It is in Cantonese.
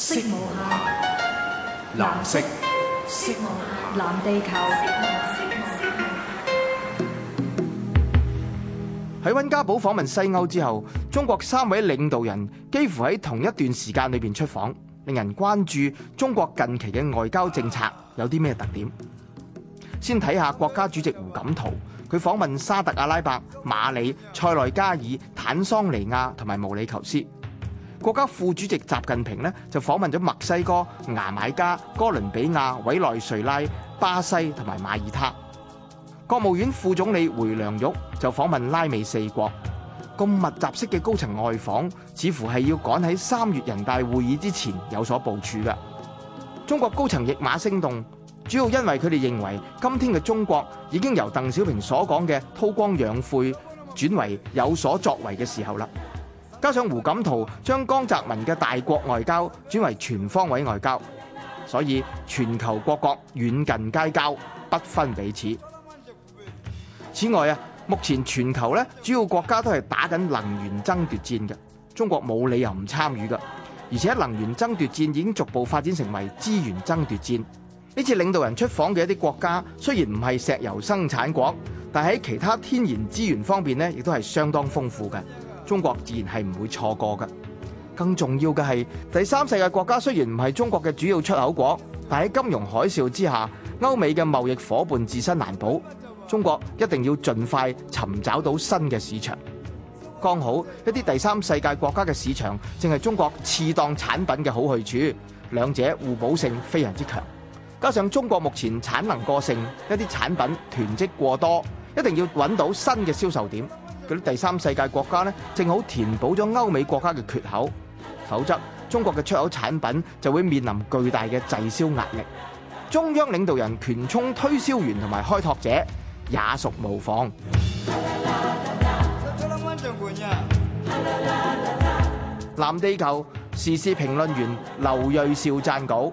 色無限，藍色，色無限，藍地球。喺溫家寶訪問西歐之後，中國三位領導人幾乎喺同一段時間裏邊出訪，令人關注中國近期嘅外交政策有啲咩特點。先睇下國家主席胡錦濤，佢訪問沙特阿拉伯、馬里、塞內加爾、坦桑尼亞同埋毛里求斯。國家副主席習近平呢就訪問咗墨西哥、牙買加、哥倫比亞、委內瑞拉、巴西同埋馬爾他。國務院副總理回良玉就訪問拉美四國。咁密集式嘅高層外訪，似乎係要趕喺三月人大會議之前有所部署嘅。中國高層驛馬星動，主要因為佢哋認為，今天嘅中國已經由鄧小平所講嘅韜光養晦，轉為有所作為嘅時候啦。加上胡錦濤將江澤民嘅大國外交轉為全方位外交，所以全球各國遠近皆交，不分彼此。此外啊，目前全球咧主要國家都係打緊能源爭奪戰嘅，中國冇理由唔參與噶。而且能源爭奪戰已經逐步發展成為資源爭奪戰。呢次領導人出訪嘅一啲國家，雖然唔係石油生產國，但喺其他天然資源方面咧，亦都係相當豐富嘅。中國自然係唔會錯過噶。更重要嘅係，第三世界國家雖然唔係中國嘅主要出口國，但喺金融海嘯之下，歐美嘅貿易夥伴自身難保，中國一定要盡快尋找到新嘅市場。剛好一啲第三世界國家嘅市場，正係中國次檔產品嘅好去處，兩者互補性非常之強。加上中國目前產能過剩，一啲產品囤積過多，一定要揾到新嘅銷售點。啲第三世界國家呢，正好填補咗歐美國家嘅缺口，否則中國嘅出口產品就會面臨巨大嘅滯銷壓力。中央領導人權充推銷員同埋開拓者，也屬無妨。藍地球時事評論員劉銳紹撰稿。